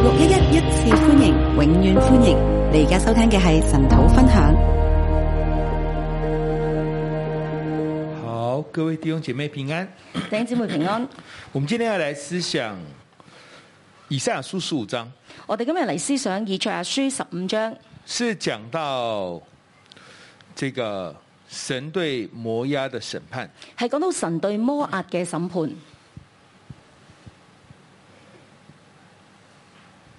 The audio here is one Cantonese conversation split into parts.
六一一一次歡迎，永遠歡迎。你而家收聽嘅係神土分享。好，各位弟兄姐妹平安，弟兄姐妹平安。我們今天要嚟思，思想以賽亞書十五章。我哋今日嚟思想以賽亞書十五章，是講到這個神對摩押的審判，係講到神對摩押嘅審判。嗯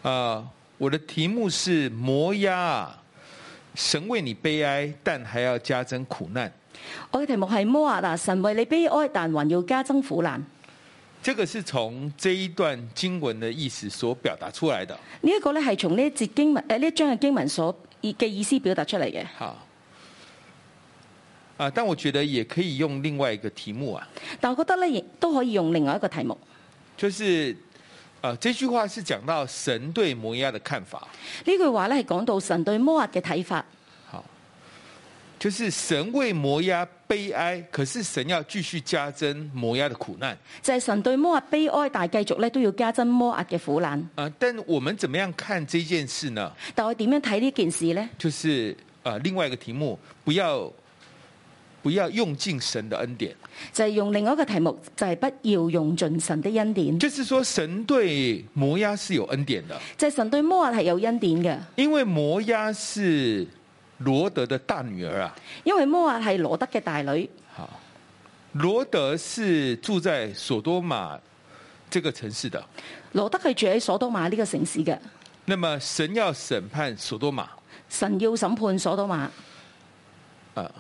啊、uh,，我的題目是摩押，神為你悲哀，但還要加增苦難。我的題目是摩押，神為你悲哀，但還要加增苦，苦難。這個是從這一段經文的意思所表達出來的。呢、這個、一個咧，係從呢一節經文誒，呢一章嘅經文所嘅意思表達出嚟嘅。好。Uh, 但我覺得也可以用另外一個題目啊。但我覺得咧，亦都可以用另外一個題目，就是。啊，這句話是講到神對摩押的看法。呢句話咧係講到神對摩押嘅睇法。好，就是神為摩押悲哀，可是神要繼續加增摩押的苦難。就係神對摩押悲哀，但係繼續咧都要加增摩押嘅苦難。啊，但我們怎麼樣看這件事呢？但我點樣睇呢件事呢？就是另外一個題目，不要。不要用盡神的恩典，就係、是、用另外一個題目，就係、是、不要用盡神的恩典。就是說，神對摩押是有恩典的，就係、是、神對摩押係有恩典嘅。因為摩押是羅德嘅大女兒啊，因為摩押係羅德嘅大女。好，羅德是住在索多瑪這個城市的，羅德係住喺索多瑪呢個城市嘅。那麼神要審判索多瑪，神要審判索多瑪啊。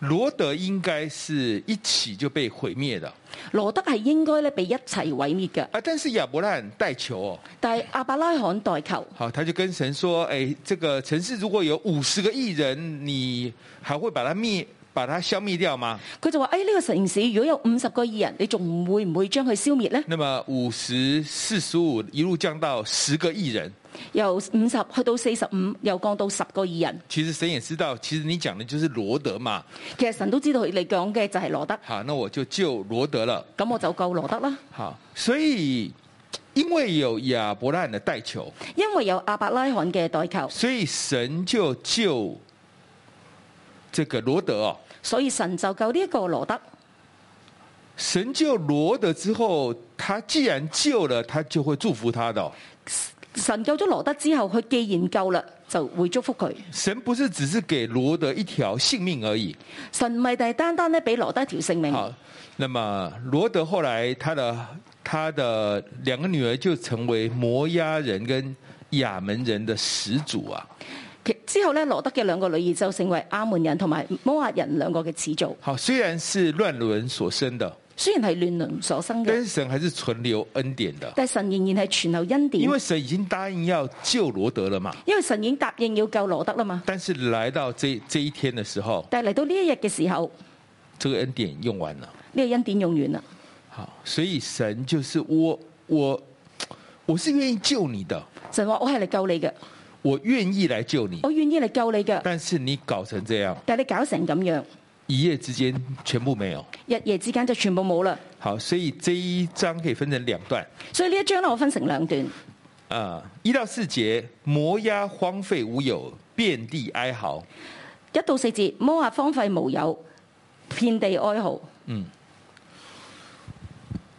羅德應該是一起就被毀滅的。羅德係應該咧被一齊毀滅嘅。啊，但是亞伯蘭代求。但係亞伯拉罕代求。好、啊，他就跟神說：誒、哎，這個城市如果有五十個義人，你還會把它滅、把它消滅掉嗎？佢就話：誒、哎，呢、這個城市如果有五十個義人，你仲會唔會將佢消滅呢？」那麼五十、四十五一路降到十個義人。由五十去到四十五，又降到十個義人。其實神也知道，其實你講的就是羅德嘛。其實神都知道，你講嘅就係羅德。好，那我就救羅德了。咁我就救羅德啦。好，所以因為有亞伯拉的代求，因為有亞伯拉罕嘅代求，所以神就救這個羅德啊、哦。所以神就救呢一個羅德。神救羅德之後，他既然救了，他就會祝福他的、哦。神救咗羅德之後，佢既然救啦，就會祝福佢。神不是只是給羅德一條性命而已。神咪就係單單咧俾羅德一條性命。好，那麼羅德後來他，他的他的兩個女兒就成為摩押人跟亞門人的始祖啊。之後呢，羅德嘅兩個女兒就成為亞門人同埋摩押人兩個嘅始祖。好，雖然是亂倫所生的。雖然係亂倫所生嘅，但神還是存留恩典的。但神仍然係存留恩典。因為神已經答應要救羅德了嘛。因為神已經答應要救羅德啦嘛。但是來到這這一天的時候，但係嚟到呢一日嘅時候，這個恩典用完了，呢個恩典用完了。好，所以神就是我，我，我，我是願意救你的。神話我係嚟救你嘅，我願意嚟救你，我願意嚟救你嘅。但是你搞成這樣，但係你搞成咁樣。一夜之間全部沒有，一夜之間就全部冇啦。好，所以這一章可以分成兩段。所以呢一章我分成兩段。啊、呃，一到四節，摩押荒廢無有，遍地哀嚎。一到四節，摩押荒廢無有，遍地哀嚎。嗯。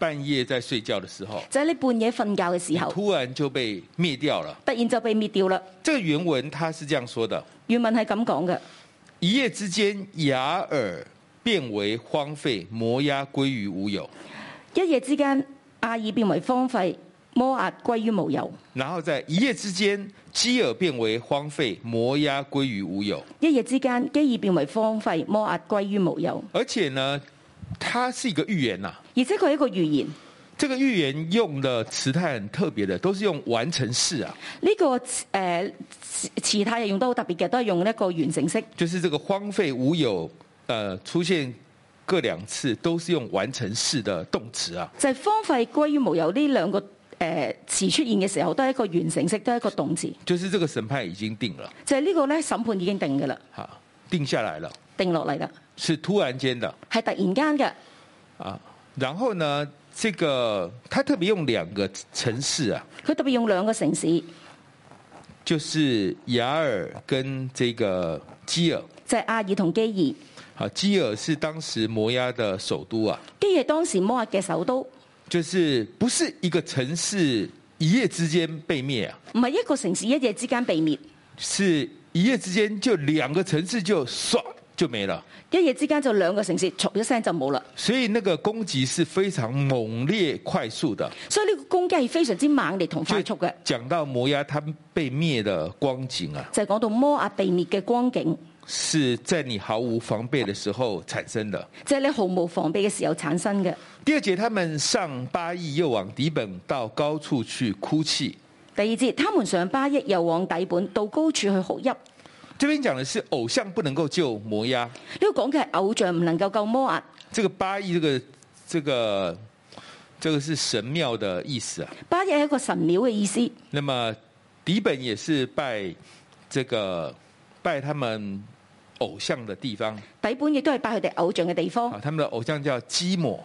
半夜在睡覺的時候，就喺、是、你半夜瞓覺嘅時候，突然就被滅掉了。突然就被滅掉了。這個原文他是這樣說的，原文係咁講嘅。一夜之間，雅爾變為荒廢，摩押歸於無有。一夜之間，阿耳變為荒廢，摩押歸於無有。然後在一夜之間，基爾變為荒廢，摩押歸於無有。一夜之間，基爾變為荒廢，摩押，壓歸於無有。而且呢？它是一個預言啊，而且佢係一個預言。這個預言用的詞態很特別的，都是用完成式啊。呢、這個誒詞態又用得好特別嘅，都係用一個完成式。就是這個荒廢無有，誒、呃、出現各兩次，都是用完成式的動詞啊。就係、是、荒廢歸於無有呢兩個誒詞、呃、出現嘅時候，都係一個完成式，都係一個動詞。就是這個審判已經定了。就係、是、呢個咧審判已經定㗎喇。吓、啊，定下來了，定落嚟啦。是突然間的，係突然間嘅然後呢，這個，他特別用兩個城市啊。佢特別用兩個城市，就是雅爾跟這個基爾。就係、是、阿爾同基爾、啊。基爾是當時摩押的首都啊。基爾當時摩押嘅首都。就是不是一個城市一夜之間被滅啊？唔係一個城市一夜之間被滅，是一夜之間就兩個城市就刷就冇啦，一夜之間就兩個城市，嚓一聲就冇啦。所以那個攻擊是非常猛烈、快速的。所以呢個攻擊係非常之猛烈同快速嘅。講到摩押他被滅的光景啊，就係、是、講到摩押被滅嘅光景，是在你毫無防備嘅時候產生的。即、就、係、是、你毫無防備嘅時候產生嘅。第二節，他們上巴益又往底本到高處去哭泣。第二節，他們上巴益又往底本到高處去哭泣。這邊講的是偶像不能夠救摩押。這個講嘅係偶像唔能夠救摩押。這個巴以這個這個這個是神廟的意思啊。巴以係一個神廟嘅意思。那麼底本也是拜這個拜他們偶像的地方。底本亦都係拜佢哋偶像嘅地方。啊，他們的偶像叫基摩。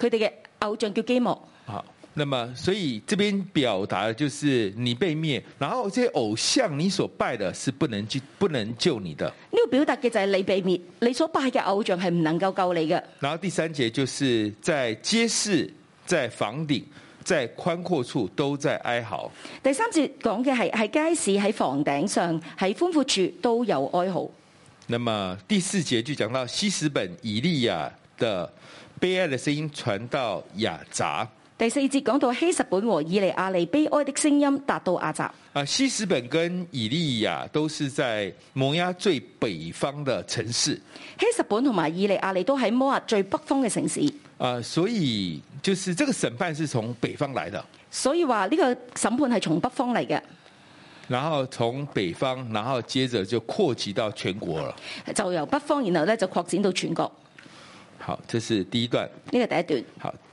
佢哋嘅偶像叫基摩。啊。那麼，所以這邊表達就是你被滅，然後這些偶像你所拜的是不能救不能救你的。你、這個、表達嘅就係你被滅，你所拜嘅偶像係唔能夠救你的。然後第三節就是在街市、在房頂、在寬闊處都在哀嚎。第三節講嘅係喺街市、喺房頂上、喺寬闊處都有哀嚎。那麼第四節就講到西斯本以利亞的悲哀的聲音傳到雅雜。第四節講到希實本和以利亞利悲哀的聲音達到雅雜。啊，希實本跟以利亞都是在摩押最北方的城市。希實本同埋以利亞利都喺摩押最北方嘅城市。啊，所以就是這個審判是從北方來的。所以話呢個審判係從北方嚟嘅。然後從北方，然後接着就擴及到全國了。就由北方，然後呢就擴展到全國。好，這是第一段。呢個第一段。好。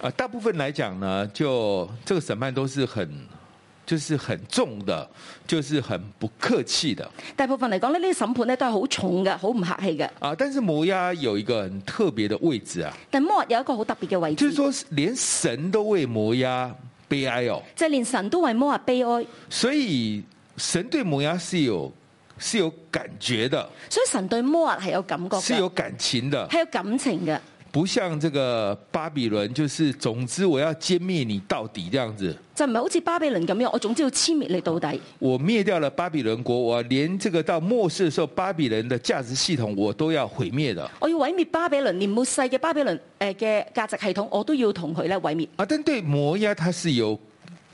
啊，大部分來講呢，就這個審判都是很，就是很重的，就是很不客氣的。大部分嚟講呢，呢個審判呢都係好重嘅，好唔客氣嘅。啊，但是摩押有一個很特別的位置啊。但摩押有一個好特別嘅位置，就是說連神都為摩押悲哀哦。就係連神都為摩押悲哀，所以神對摩押是有，是有感覺的。所以神對摩押是有感覺的，是有感情的，係有感情嘅。不像這個巴比倫，就是總之我要殲滅你到底，這樣子。就唔係好似巴比倫咁樣，我總之要殲滅你到底。我滅掉了巴比倫國，我連這個到末世的時候，巴比倫的價值系統我都要毀滅的。我要毀滅巴比倫，連末世嘅巴比倫誒嘅價值系統，我都要同佢咧毀滅。啊，但對摩押它是有。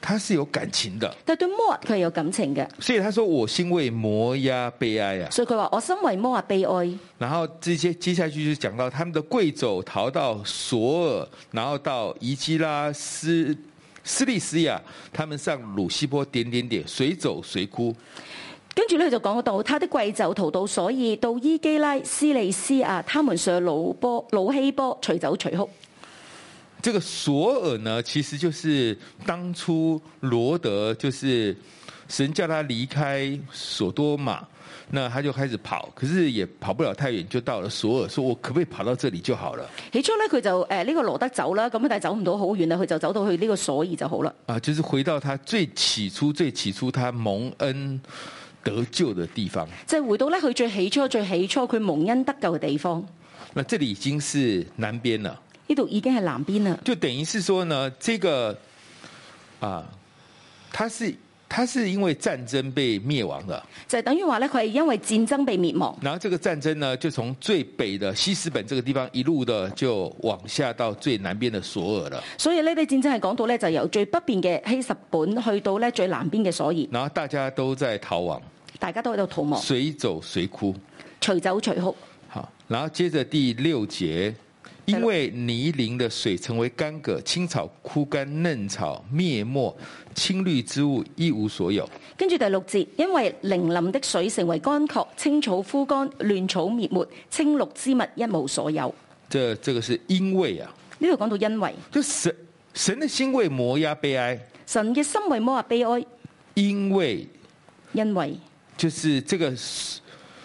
他是有感情的，但對摩亞佢係有感情嘅，所以他說我心為摩亞悲哀呀，所以佢話我心為摩亞悲哀。然後這些接，接下去就講到他們的貴族逃到索爾，然後到伊基拉斯斯利斯亞，他們上魯西波點點點，隨走隨哭。跟住咧，佢就講到他的貴族逃到，所以到伊基拉斯利斯亞，他們上魯波魯希波，隨走隨哭。這個索爾呢，其實就是當初羅德就是神叫他離開索多瑪，那他就開始跑，可是也跑不了太遠，就到了索爾，說我可不可以跑到這裏就好了。起初呢，佢就呃呢個羅德走啦，咁但係走唔到好遠啦，佢就走到去呢個索爾就好了。啊，就是回到他最起初、最起初他蒙恩得救的地方。即係回到呢，佢最起初、最起初佢蒙恩得救嘅地方。那這裏已經是南邊了。呢度已經係南邊了，就等於是說呢，這個啊，它是他是因為戰爭被滅亡的，就等於話呢，佢係因為戰爭被滅亡。然後，這個戰爭呢，就從最北的西十本這個地方一路的就往下到最南邊的索爾了。所以呢啲戰爭係講到呢，就由最北邊嘅希十本去到呢，最南邊嘅索爾。然後大家都在逃亡，大家都喺度逃亡，隨走隨哭，隨走隨哭。好，然後接着第六節。因為寧林的水成為乾涸，青草枯乾，嫩草滅沒，青綠之物一無所有。跟住第六節，因為寧林的水成為乾涸，青草枯乾，亂草滅沒，青綠之物一無所有。這這個是因為啊？呢度講到因為，就神神的心為摩押悲哀，神嘅心為摩押悲哀，因為因為就是這個。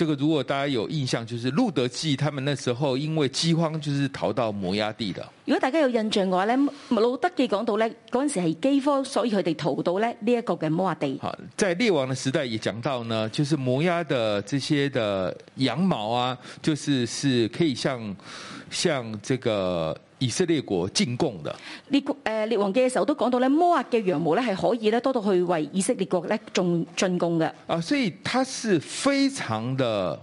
這個如果大家有印象，就是路德記，他們那時候因為饑荒，就是逃到摩押地的。如果大家有印象嘅話呢，路德記講到呢，嗰陣時係饑荒，所以佢哋逃到呢一個嘅摩押地。好，在列王嘅時代也講到呢，就是摩押的這些的羊毛啊，就是是可以像，像這個。以色列國進貢的列國列王記嘅時候都講到咧，摩押嘅羊毛咧係可以咧多到去為以色列國咧進進貢嘅。啊，所以它是非常的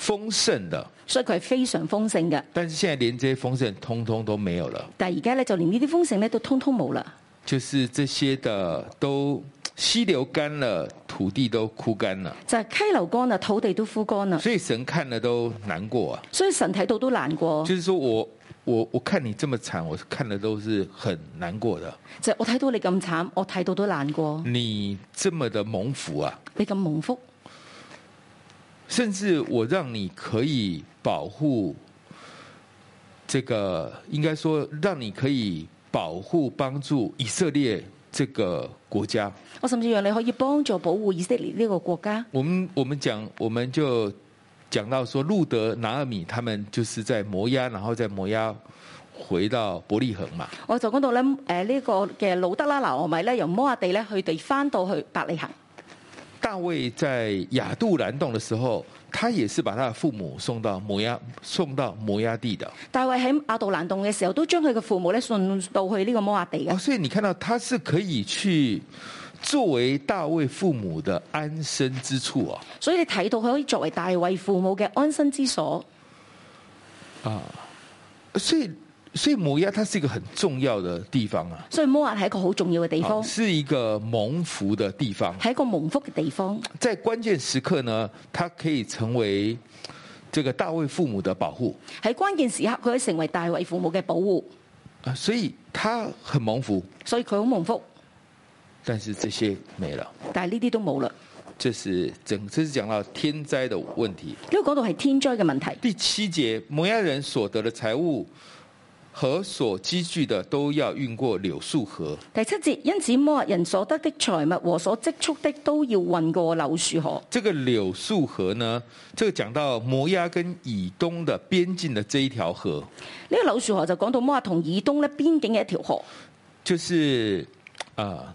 豐盛的。所以佢係非常豐盛嘅。但是現在連這些豐盛通通都沒有了。但係而家咧就連呢啲豐盛咧都通通冇啦。就是這些的都溪流乾了，土地都枯乾了。就係溪流乾啦，土地都枯乾了。所以神看了都難過啊。所以神睇到都難過。就是說我。我我看你這麼慘，我看得都是很難過的。就是、我睇到你咁慘，我睇到都難過。你這麼的蒙福啊！你咁蒙福，甚至我讓你可以保護這個，應該說讓你可以保護幫助以色列這個國家。我甚至讓你可以幫助保護以色列呢個國家。我們我們講，我們就。講到說路德，拿俄米，他們就是在摩押，然後再摩押回到伯利恆嘛。我就講到咧，誒呢個嘅路德啦，拿俄米咧，由摩押地咧，佢哋翻到去伯利恆。大衛在亞杜蘭洞的時候，他也是把他的父母送到摩押，送到摩押地的。大衛喺亞杜蘭洞嘅時候，都將佢嘅父母咧送到去呢個摩押地嘅，哦。所以你看到他是可以去。作為大衛父母的安身之處啊，所以你睇到佢可以作為大衛父母嘅安身之所啊，所以所以摩押它是一個很重要的地方啊，所以摩押係一個好重要嘅地方，是一個蒙福的地方，係一個蒙福嘅地方，在關鍵時刻呢，它可以成為這個大衛父母的保護，喺關鍵時刻佢可以成為大衛父母嘅保護啊，所以它很蒙福，所以佢好蒙福。但是這些沒了，但係呢啲都冇啦。這是整個，這是講到天災的問題。呢個講到係天災嘅問題。第七節摩押人所得的財物和所積聚的都要運過柳樹河。第七節因此摩押人所得的財物和所積蓄的都要運過柳樹河。這個柳樹河呢？這個講到摩押跟以東的邊境的這一條河。呢個柳樹河就講到摩押同以東嘅邊境嘅一條河。就是啊。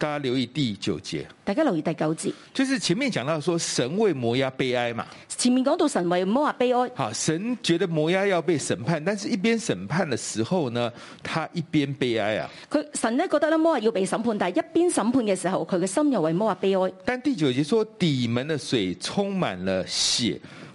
大家留意第九節。大家留意第九節，就是前面講到說神為摩押悲哀嘛。前面講到神為摩押悲哀。啊，神覺得摩押要被審判，但是一邊審判的時候呢，他一邊悲哀啊。神呢覺得呢摩亞要被審判，但係一邊審判嘅時候，佢嘅心又為摩亞悲哀。但第九節說，底門的水充滿了血。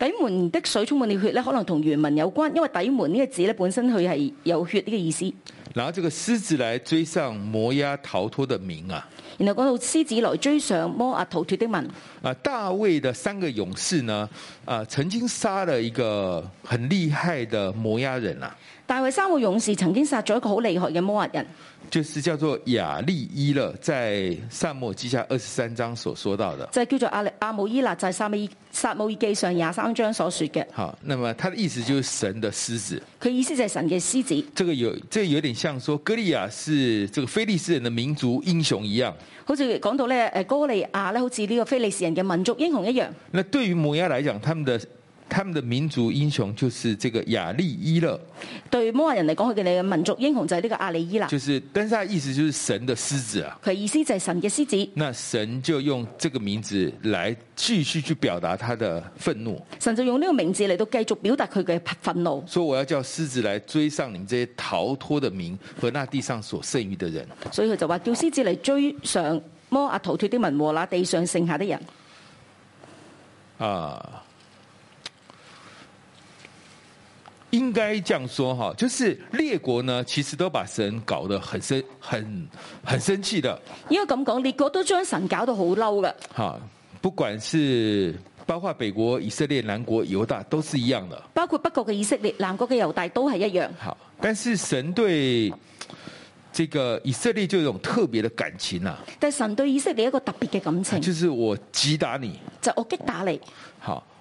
底門的水充滿了血咧，可能同原文有關，因為底門呢個字咧，本身佢係有血呢個意思。然後這個獅子來追上摩押逃脫的民，啊。然後講到獅子來追上摩押逃脫的民。啊，大衛的三個勇士呢？啊，曾經殺了一個很厲害的摩押人啦、啊。大衛三個勇士曾經殺咗一個好厲害嘅摩押人，就是叫做雅利伊勒，在撒母耳記下二十三章所說到的，就係叫做亞阿姆伊納，就係撒母撒母記上廿三章所說嘅。好，那麼他的意思就是神的獅子，佢意思就係神嘅獅子。這個有，這有點像說哥利亞是這個非利士人的民族英雄一樣，好似講到咧，誒哥利亞咧，好似呢個非利士人嘅民族英雄一樣。那對於摩押來講，他們的。他們的民族英雄就是這個亞利伊勒。對摩亞人嚟講，佢哋嘅民族英雄就係呢個亞利伊拉。就是，但係意思就是神的獅子啊。佢意思就係神嘅獅子。那神就用這個名字來繼續去表達他的憤怒。神就用呢個名字嚟到繼續表達佢嘅憤怒。所以我要叫獅子來追上你們這些逃脫的民，和那地上所剩餘的人。所以佢就話叫獅子嚟追上摩亞逃脫的民和那地上剩下的人。啊。應該這樣說哈，就是列國呢，其實都把神搞得很生、很很生氣的。應該咁講，列國都將神搞到好嬲㗎哈，不管是包括北國以色列、南國猶大，都是一樣的。包括北國嘅以色列、南國嘅猶大都係一樣。好，但是神對這個以色列就有一種特別的感情啦、啊。但神對以色列一個特別嘅感情，就是我擊打你，就我擊打你。好。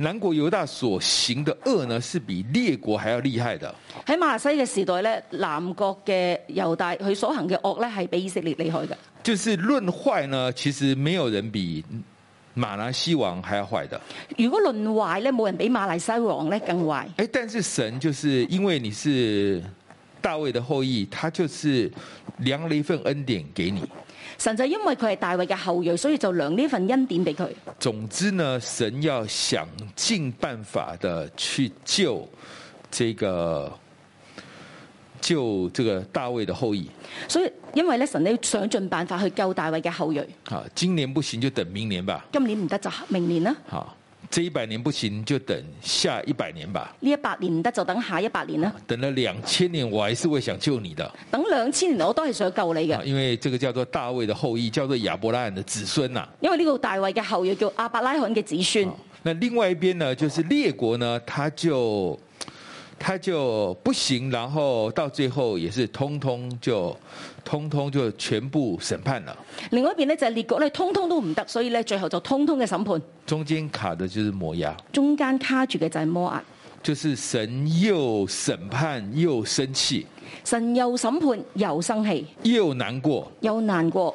南國猶大所行的惡呢，是比列國還要厲害的。喺瑪拿西嘅時代呢，南國嘅猶大佢所行嘅惡呢，係比以色列厲害的。就是論壞呢，其實沒有人比瑪拿西王還要壞的。如果論壞呢，冇人比瑪拿西王呢更壞。哎、欸，但是神就是因為你是大衛的後裔，他就是量了一份恩典給你。神就因為佢係大衛嘅後裔，所以就量呢份恩典俾佢。總之呢，神要想盡辦法的去救這個，救這個大衛的後裔。所以因為呢，神要想盡辦法去救大衛嘅後裔。今年不行就等明年吧。今年唔得就明年啦。這一百年不行，就等下一百年吧。呢一百年唔得，就等下一百年啦、啊。等了兩千年，我還是會想救你的。等兩千年，我都係想救你嘅、啊。因為這個叫做大衛的後裔，叫做亞伯拉罕的子孫啦、啊。因為呢個大衛嘅後裔叫亞伯拉罕嘅子孫、啊。那另外一邊呢，就是列國呢，他就。他就不行，然後到最後也是通通就通通就全部審判了。另外一邊呢，就是列國呢通通都唔得，所以呢最後就通通嘅審判。中間卡的就是摩押，中間卡住嘅就係摩押。就是神又審判又生氣。神又審判又生氣。又難過。又難過。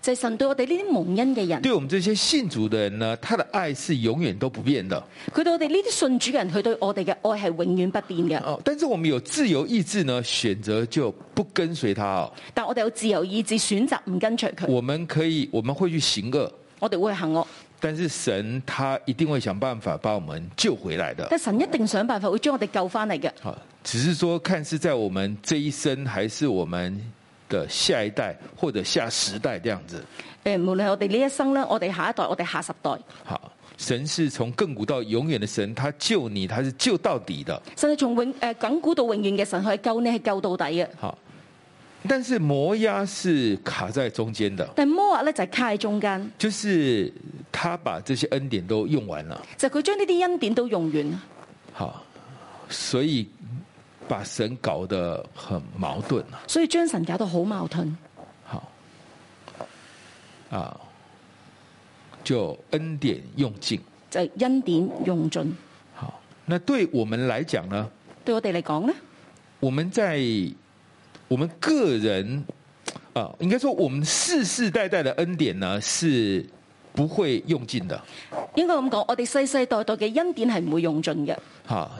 就係、是、神對我哋呢啲蒙恩嘅人，對我們這些信主的人呢，他的愛是永遠都不變的。佢對我哋呢啲信主嘅人，佢對我哋嘅愛係永遠不變嘅。哦，但是我們有自由意志呢，選擇就不跟隨他啊、哦。但我哋有自由意志，選擇唔跟隨佢。我們可以，我們會去行惡，我哋會去行惡。但是神他一定會想辦法把我們救回來的。但神一定想辦法會將我哋救翻嚟嘅。只是說，看是在我們這一生，還是我們。的下一代或者下十代這樣子，誒，無論係我哋呢一生咧，我哋下一代，我哋下，下十代。好，神是從亙古到永遠的神，他救你，他是救到底的。神係從永誒、呃，亙古到永遠嘅神，佢救你係救到底嘅。好，但是摩押是卡在中間的。但摩押咧就係、是、卡喺中間，就是他把這些恩典都用完了，就佢將呢啲恩典都用完。好，所以。把神搞得很矛盾啦，所以將神搞到好矛盾。好，啊，就恩典用盡，就是、恩典用盡。好，那對我們來講呢？對我哋嚟講呢，我們在我們個人、啊、應該說我們世世代代的恩典呢，是不會用盡的。應該咁講，我哋世世代代嘅恩典係唔會用盡嘅。吓。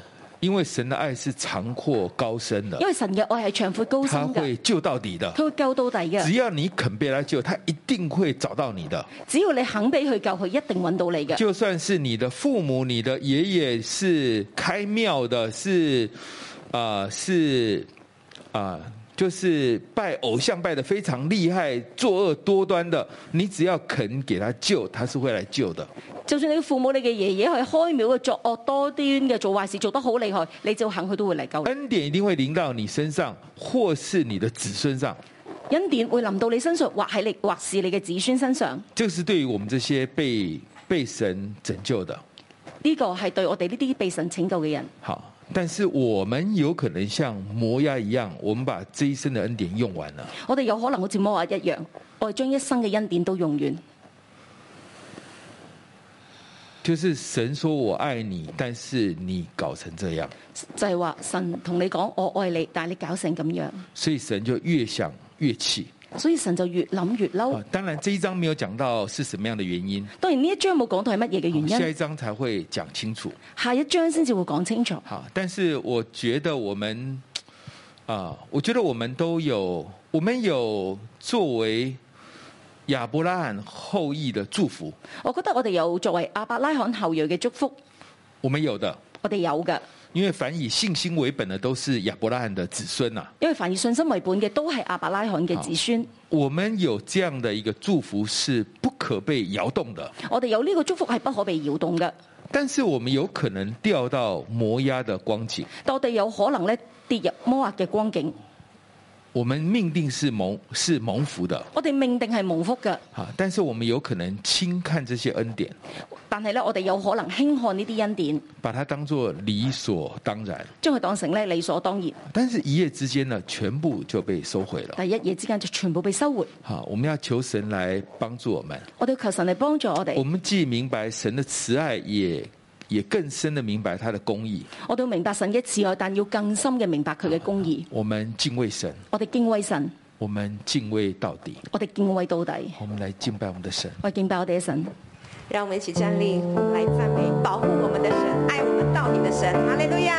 因為神的愛是長闊高深的。因為神的愛是長闊高深的。他會救到底的。佢會救到底嘅。只要你肯俾他救，他一定會找到你的。只要你肯俾佢救，佢一定揾到你嘅。就算是你的父母、你的爺爺是開廟的，是，啊、呃，是，啊、呃。就是拜偶像拜得非常厲害、作惡多端的，你只要肯給他救，他是會來救的。就算你父母、你嘅爺爺去開廟去作惡多端嘅做壞事，做得好厲害，你就肯佢都會嚟救。恩典一定會臨到你身上，或是你的子孫上。恩典會臨到你身上，或喺你，或是你嘅子孫身上。就是對於我們這些被被神拯救的，呢、這個係對我哋呢啲被神拯救嘅人。好。但是我們有可能像摩亞一樣，我們把這一生的恩典用完了。我哋有可能好似摩亞一樣，我哋將一生嘅恩典都用完。就是神說我愛你，但是你搞成這樣。就係、是、話神同你講我愛你，但係你搞成咁樣，所以神就越想越氣。所以神就越諗越嬲。當然，這一章沒有講到是什麼樣的原因。當然呢一章冇講到係乜嘢嘅原因。下一章才會講清楚。下一章先至會講清楚。好，但是我覺得我們，啊，我覺得我們都有，我們有作為亞伯拉罕後裔的祝福。我覺得我哋有作為亞伯拉罕後裔嘅祝福。我們有的。我哋有嘅。因為凡以信心為本的都是亞伯拉罕的子孫啊！因為凡以信心為本嘅都是亞伯拉罕嘅子孫。我們有這樣的一個祝福是不可被搖動的。我哋有呢個祝福係不可被搖動嘅。但是我們有可能掉到磨壓的光景。我哋有可能呢跌入摩壓嘅光景。我們命定是蒙是蒙福的，我哋命定係蒙福嘅。好，但是我們有可能輕看這些恩典，但係咧，我哋有可能輕看呢啲恩典，把它當做理所當然，將佢當成咧理所當然。但是一夜之間呢，全部就被收回了。第一夜之間就全部被收回。好，我們要求神來幫助我們，我哋要求神嚟幫助我哋。我們既明白神的慈愛，也。也更深的明白他的公義。我都明白神嘅慈愛，但要更深嘅明白佢嘅公義。好好，我們敬畏神。我哋敬畏神。我們敬畏到底。我哋敬畏到底。我們來敬拜我們的神。我敬拜我哋嘅神。讓我們一起站立，我們來讚美保護我們的神，愛我們到底的神。哈利路亞。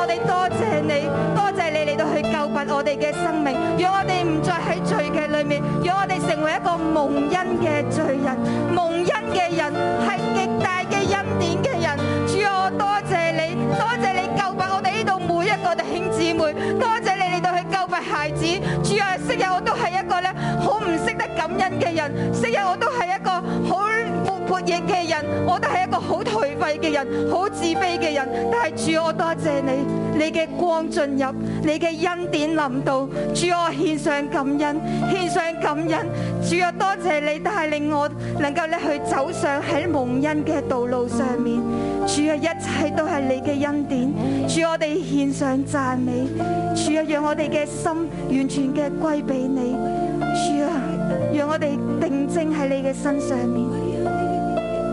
我哋多謝你，多謝你嚟到去救拔我哋嘅生命，讓我哋唔再喺罪嘅裏面，讓我哋成為一個蒙恩嘅罪人，蒙恩嘅人係極大嘅恩典嘅人。主啊，我多謝你，多謝你救拔我哋呢度每一個弟兄姊妹，多謝你嚟到去救拔孩子。主啊，昔日我都係一個咧好唔識得感恩嘅人，昔日我都係一個好活躍嘅人，我都係一個好頹廢嘅人，好自卑嘅人。但係主，我多謝你，你嘅光進入，你嘅恩典臨到。主，我獻上感恩，獻上感恩。主啊，多謝你，帶領我能夠你去走上喺蒙恩嘅道路上面。主啊，一切都係你嘅恩典。主，我哋獻上讚美。主啊，讓我哋嘅心完全嘅歸俾你。主啊，讓我哋定睛喺你嘅身上面。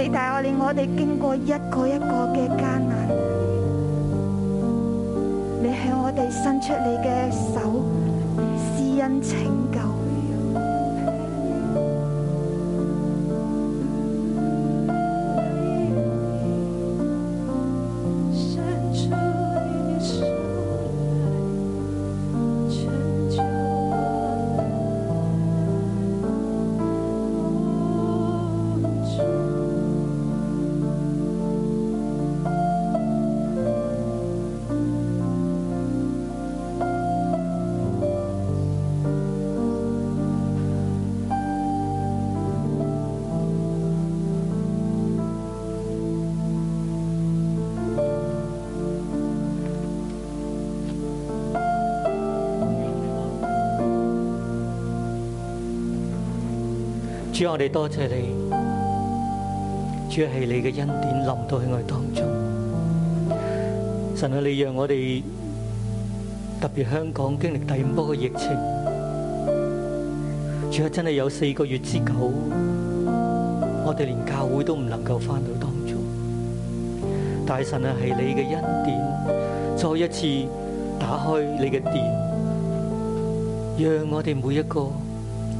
你帶領我哋經過一個一個嘅艱難，你向我哋伸出你嘅手，施恩情。主啊，我哋多謝你，主要係你嘅恩典臨到喺我哋當中。神啊，你讓我哋特別香港經歷第五波嘅疫情，主啊，真係有四個月之久，我哋連教會都唔能夠翻到當中。但是神啊，係你嘅恩典，再一次打開你嘅殿，讓我哋每一個。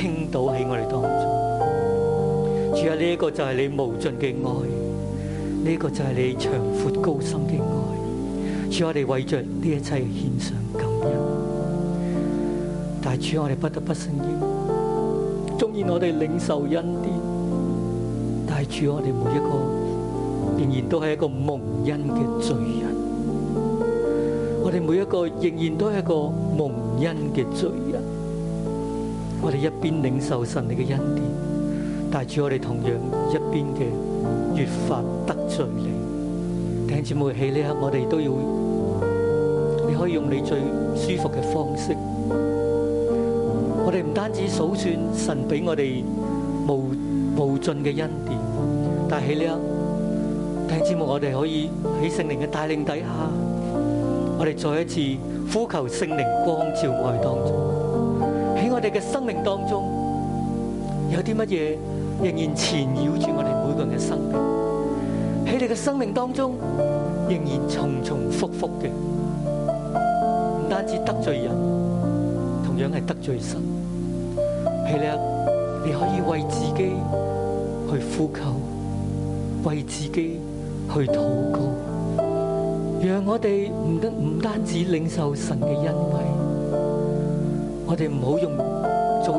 傾倒喺我哋當中，主啊，呢一個就係你無盡嘅愛，呢個就係你長闊高深嘅愛，主我哋為著呢一切獻上感恩。但係主，我哋不得不承認，縱然我哋領受恩典，但係主，我哋每一個仍然都係一個蒙恩嘅罪人。我哋每一個仍然都係一個蒙恩嘅罪人。我哋一邊領受神你嘅恩典，帶住我哋同樣一邊嘅越發得罪你。聽節目起呢刻，我哋都要，你可以用你最舒服嘅方式。我哋唔單止數算神俾我哋無無盡嘅恩典，但係起呢刻，聽節目我哋可以喺聖靈嘅帶領底下，我哋再一次呼求聖靈光照愛當中。我哋嘅生命當中有啲乜嘢仍然纏繞住我哋每個人嘅生命？喺你嘅生命當中仍然重重複複嘅，唔單止得罪人，同樣係得罪神。希烈，你可以為自己去呼求，為自己去禱告，讓我哋唔得唔單止領受神嘅恩惠，我哋唔好用。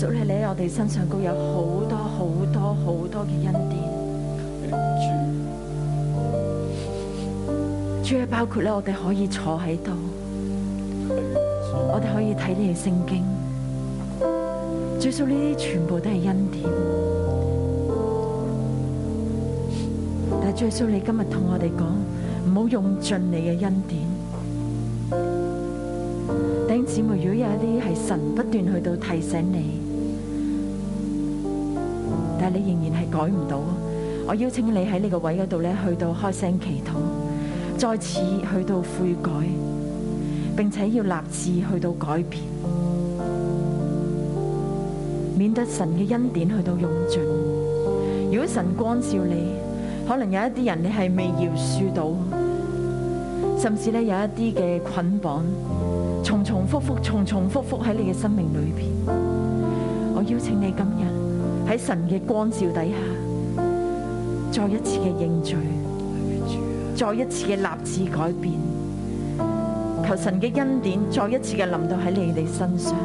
耶穌你喺我哋身上都有好多好多好多嘅恩典，主，要包括咧，我哋可以坐喺度，我哋可以睇你嘅聖經，耶穌呢啲全部都係恩典，但係耶穌你今日同我哋講，唔好用盡你嘅恩典。弟兄，等姊妹如果有一啲係神不斷去到提醒你。你仍然係改唔到，我邀請你喺呢個位度咧，去到開聲祈禱，再次去到悔改，並且要立志去到改變，免得神嘅恩典去到用盡。如果神光照你，可能有一啲人你係未饒恕到，甚至咧有一啲嘅捆綁，重重複複，重重複複喺你嘅生命裏邊。我邀請你今日。喺神嘅光照底下，再一次嘅認罪，再一次嘅立志改變，求神嘅恩典再一次嘅臨到喺你哋身上。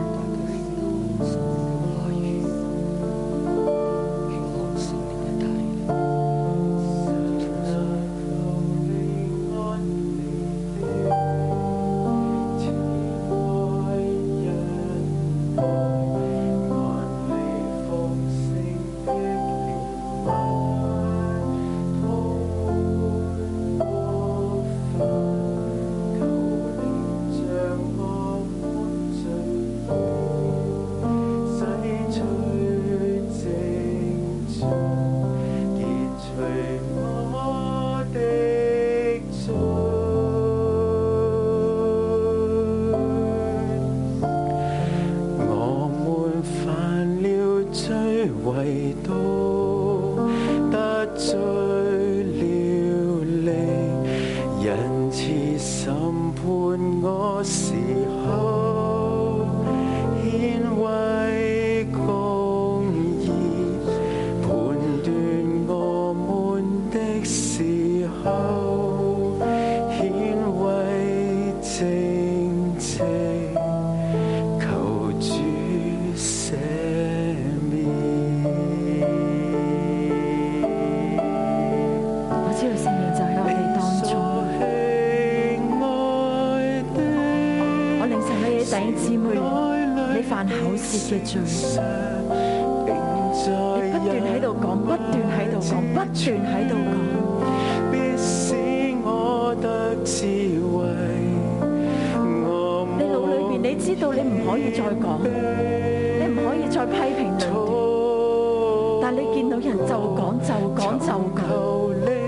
你知道你唔可以再講，你唔可以再批評，但你見到人就講就講就講。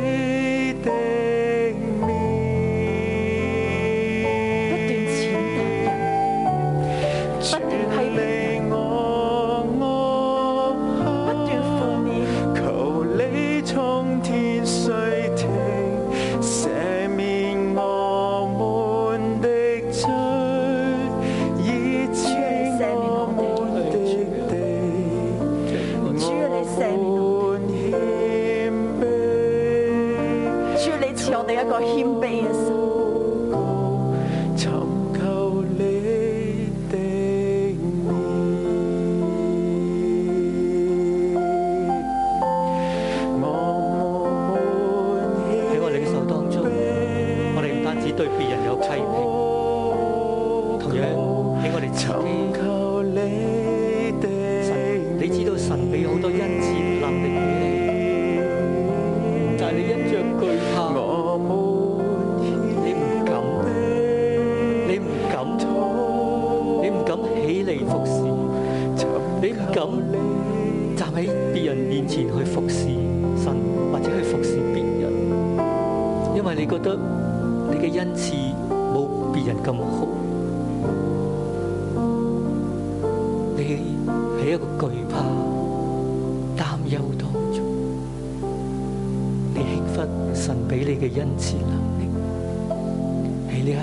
你向，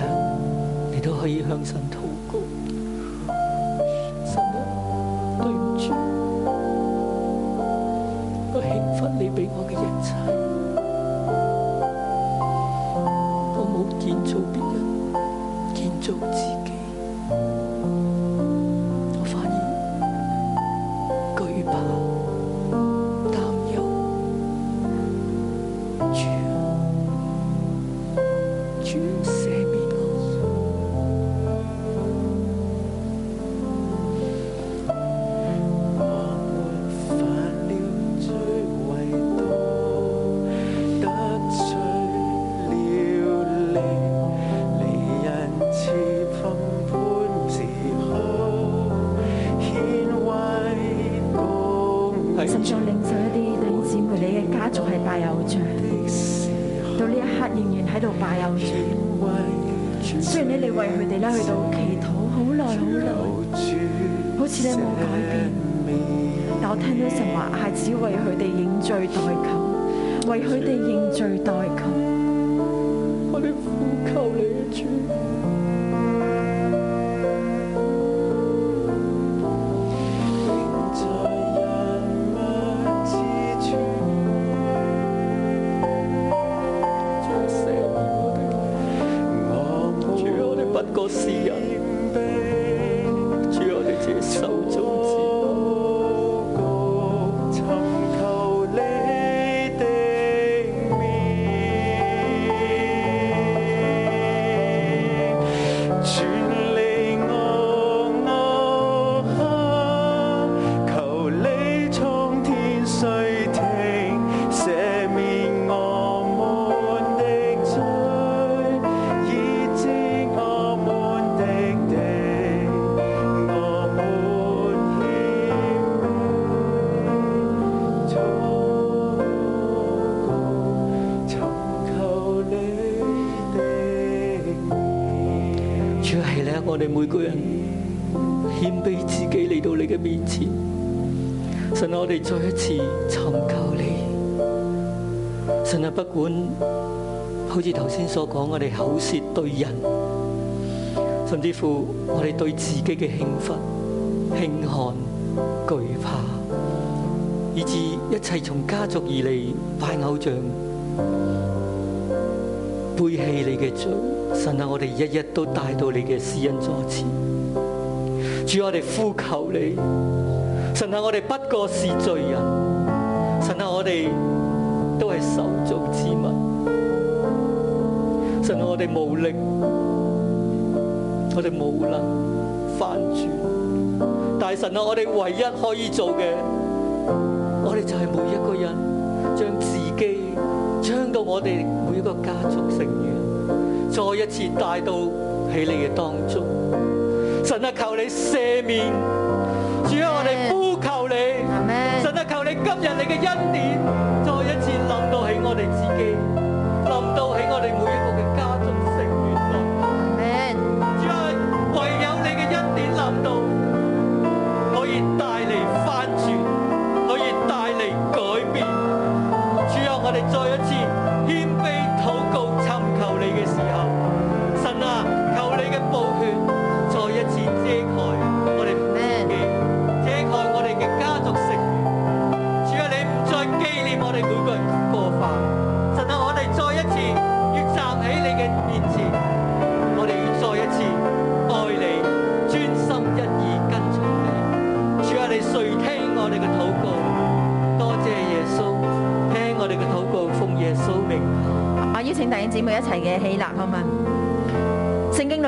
你都可以向神禱告。神啊，對唔住，我輕忽你俾我嘅一切，我冇建造別人，建造自己。每個人獻俾自己嚟到你嘅面前，神，我哋再一次尋求你。神啊，不管好似頭先所講，我哋口舌對人，甚至乎我哋對自己嘅輕忽、輕看、懼怕，以至一切從家族而嚟拜偶像、背棄你嘅罪。神啊，我哋一日都帶到你嘅施恩座前，主，我哋呼求你。神啊，我哋不過是罪人。神啊，我哋都係手造之物。神啊，我哋無力，我哋無能翻轉。但係神啊，我哋唯一可以做嘅，我哋就係每一個人將自己將到我哋每一個家族成員。再一次帶到起你嘅當中，神啊，求你赦免，主啊，我哋呼求你，神啊，求你今日你嘅恩典。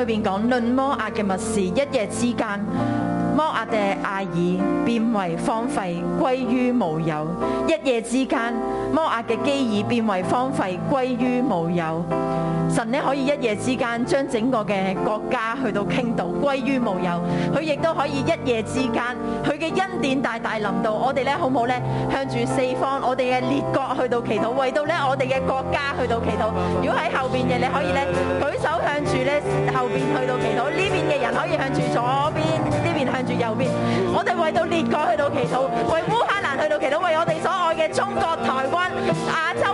邊講論摩押嘅密事，一夜之間，摩押嘅阿爾變為荒廢，歸於無有；一夜之間，摩押嘅基爾變為荒廢，歸於無有。神咧可以一夜之間將整個嘅國家去到傾倒，歸於無有。佢亦都可以一夜之間，佢嘅恩典大大臨到。我哋咧好唔好咧？向住四方，我哋嘅列國去到祈禱，為到咧我哋嘅國家去到祈禱。如果喺後邊嘅，你可以咧舉手。向住咧後邊去到祈禱，呢邊嘅人可以向住左邊，呢邊向住右邊，我哋為到列國去到祈禱，為烏克蘭去到祈禱，為我哋所愛嘅中國、台灣、亞洲。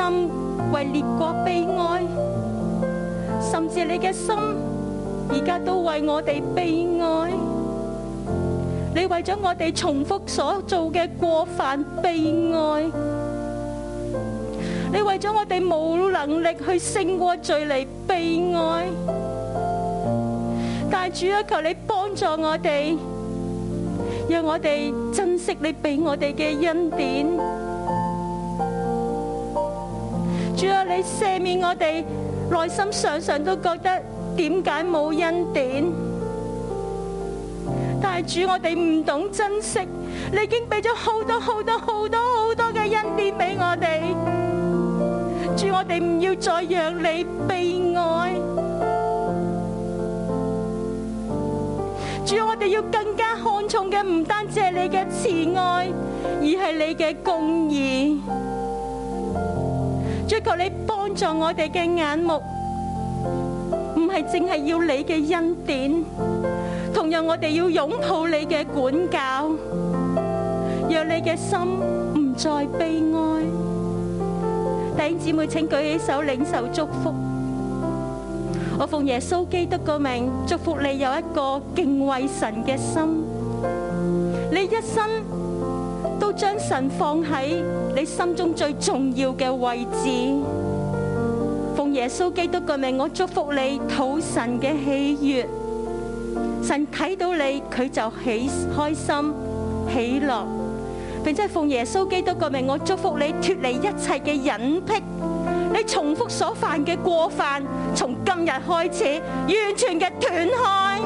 心為列國悲哀，甚至你嘅心而家都為我哋悲哀。你為咗我哋重複所做嘅過犯悲哀，你為咗我哋冇能力去勝過罪嚟悲哀。但係主啊，求你幫助我哋，讓我哋珍惜你俾我哋嘅恩典。主啊，你赦免我哋，內心常常都覺得點解冇恩典，但係主，我哋唔懂珍惜，你已經俾咗好多好多好多好多嘅恩典俾我哋。主，我哋唔要再讓你悲哀。主要我哋要更加看重嘅唔單止係你嘅慈愛，而係你嘅公義。.追求你幫助我哋嘅眼目，唔係淨係要你嘅恩典。同樣，我哋要擁抱你嘅管教，讓你嘅心唔再悲哀。弟兄姊妹，請舉起手領受祝福。我奉耶穌基督個名祝福你有一個敬畏神嘅心，你一生。將神放喺你心中最重要嘅位置，奉耶穌基督嘅名，我祝福你討神嘅喜悦。神睇到你，佢就喜開心喜樂，並且奉耶穌基督嘅名，我祝福你脫離一切嘅隱蔽，你重複所犯嘅過犯，從今日開始完全嘅斷開。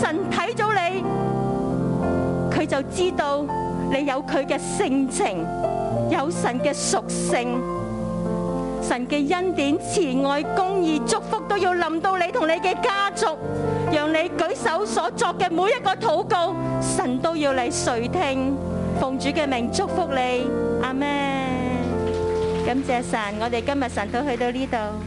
神睇到你，佢就知道。你有佢嘅性情，有神嘅屬性，神嘅恩典、慈愛、公義、祝福都要臨到你同你嘅家族，讓你舉手所作嘅每一個禱告，神都要嚟垂聽，奉主嘅名祝福你，阿門。感謝神，我哋今日神都去到呢度。